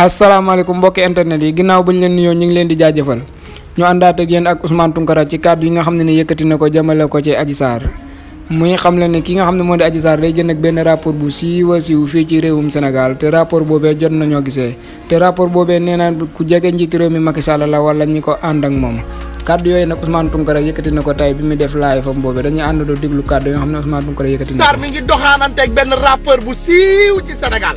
Assalamualaikum mbokki internet yi ginaaw bañ leen nuyo ñi ngi leen di jaajëfal ñu andaat ak yeen ak Ousmane Tunkara ci cadre yi nga xamne ne yëkëti nako jëmele ko ci Adji Sar muy xam la ne ki nga xamne ne di Adji Sar day jënd ak ben rapport bu si wu fi ci réewum Sénégal té rapport bobé jot nañoo gisé té rapport bobé néna ku jégué njiitu réew mi Macky Sall la wala ñi ko and ak mom kaddu yoy nak Ousmane Tunkara yëkëti nako tay bi mi def live am bobé dañu and do diglu kaddu nga xamne Ousmane Tunkara yëkëti na mi ngi doxaanante ak ben rapport bu siiw ci Sénégal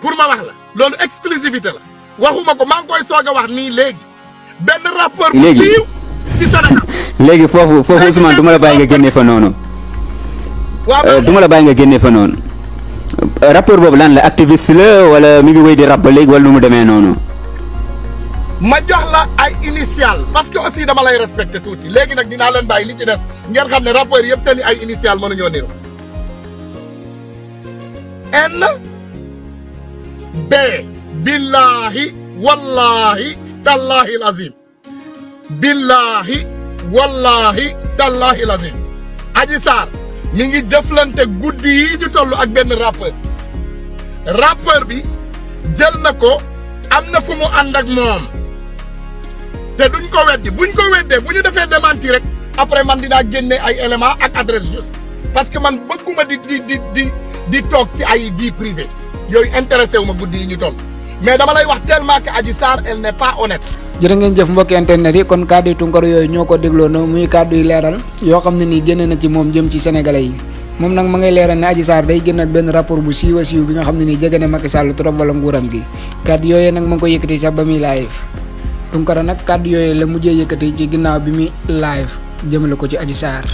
pour ma wax la loolu exclusivité la waxuma ko maa koy soog a wax nii léegi benn rapport bu siiw ci Sénégal léegi foofu foofu Ousmane euh, du ma la bàyyi nga génnee fa noonu du euh, ma la bàyyi génnee fa noonu rapport boobu lan la activiste la wala mi ngi wéy di rap ba léegi wala lu mu demee noonu ma jox la ay initial parce que aussi dama lay respecté tuuti léegi nag dinaa leen bàyyi li ci des ngeen xam ne rapport yëpp seen i ay initial mënuñoo niru N bee billaahi wallaahi tallaahi lazim billaahi wallaahi tallaahi lazim Adji Sarr mi ngi jëflante guddi yi ñu toll ak benn rappeur rappeur bi jël na ko am na fu mu ànd ak moom te duñ ko weddi buñ ko weddee bu ñu defee démenti rek après man di dinaa génne ay éléments ak adresse juste parce que man bëgguma di di di di di toog ci ay vie privée yoy intéressé wu ma guddi ñu toll mais dama lay wax tellement que Adji Sarr elle n'est pas honnête. jere ngeen jëf mbokki internet yi kon kaddu tu ngor yoy ñoko deglo no muy kaddu yi leral yo xamni ni nii na ci mom jëm ci sénégalais yi mom nak ma ngay leral ni Adji Sarr day génn ak ben rapport bu siwa siwu bi nga xamni ni nii Macky Sall trop wala nguuram gi kaddu yoy nak ma ngi ko yëkëti ci bami live tu ngor nak kaddu yoy la mujjee yëkëti ci ginnaw bi mi live jëmale ko ci Adji Sarr